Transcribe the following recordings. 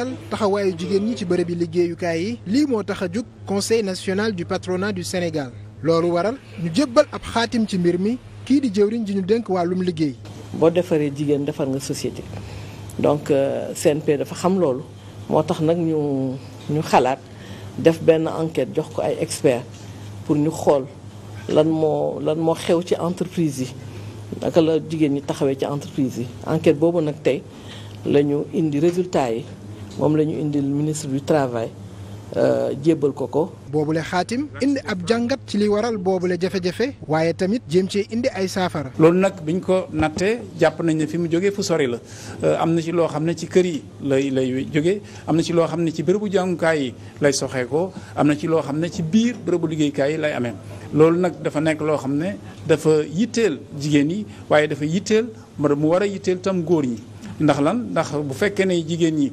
xel taxawaayu jigéen ñi ci bërëb yi liggéeyukaay yi lii moo tax a jóg conseil national du patronat du Sénégal loolu waral ñu jébbal ab xaatim ci mbir mi kii di jëwriñ ji ñu dénk wàllum liggéey. boo defaree jigéen defar nga société donc euh, CNP dafa xam loolu moo tax nag ñu ñu xalaat def benn enquête jox ko ay experts pour ñu xool lan moo lan moo xew ci entreprise yi naka la jigéen ñi taxawee ci entreprise yi enquête boobu nag tey la ñu indi résultat yi moom la ñu indil ministre du travail euh, jébbal ko ko. boobu boobule xaatim indi ab jàngat ci li waral boobule jafe-jafe waaye tamit jéem cee indi ay saafara. loolu nag biñ ko nattee jàpp nañ ne fi mu jógee fu sori la euh, am na ci loo xam ne ci kër yi lay lay am na ci loo xam ne ci bërëbu jàngukaay yi lay soxee ko am na ci loo xam ne ci biir bërëbu liggéeykaay yi lay amee loolu nag dafa nekk loo xam ne dafa yitteel jigéen yi waaye dafa yitteel mu war a yitteel tam góor ñi. ndax lan ndax bu fekkee ne jigéen ñi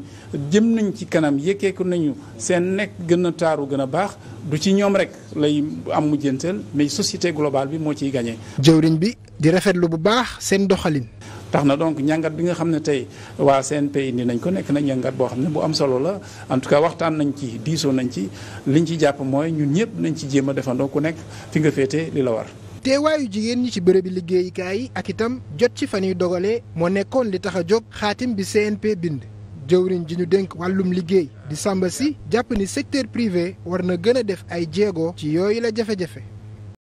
jëm nañ ci kanam yëkkeeku nañu seen nekk gën a taaru gën a baax du ci ñoom rek lay am mujjanteel mais société globale bi moo ciy gagné. jëwriñ bi di rafetlu bu baax seen doxalin. tax na donc njàngat bi nga xam ne tey waa seen CNP indi nañ ko nekk na njàngat boo xam ne bu am solo la en tout cas waxtaan nañ ci diisoo nañ ci liñ ci jàpp mooy ñun ñëpp nañ ci jéem a defandoo ku nekk fi nga féete li la war. teewaayu jigéen ñi ci bërëbi liggéeykaay yi ak itam jot ci fan yu dogalee moo nekkoon li tax a jóg xaatim bi CNP bind jëwriñ ji ñu dénk wàllum liggéey di sàmba si jàpp ni secteur privé war na gën a def ay jéego ci yooyu la jafe-jafe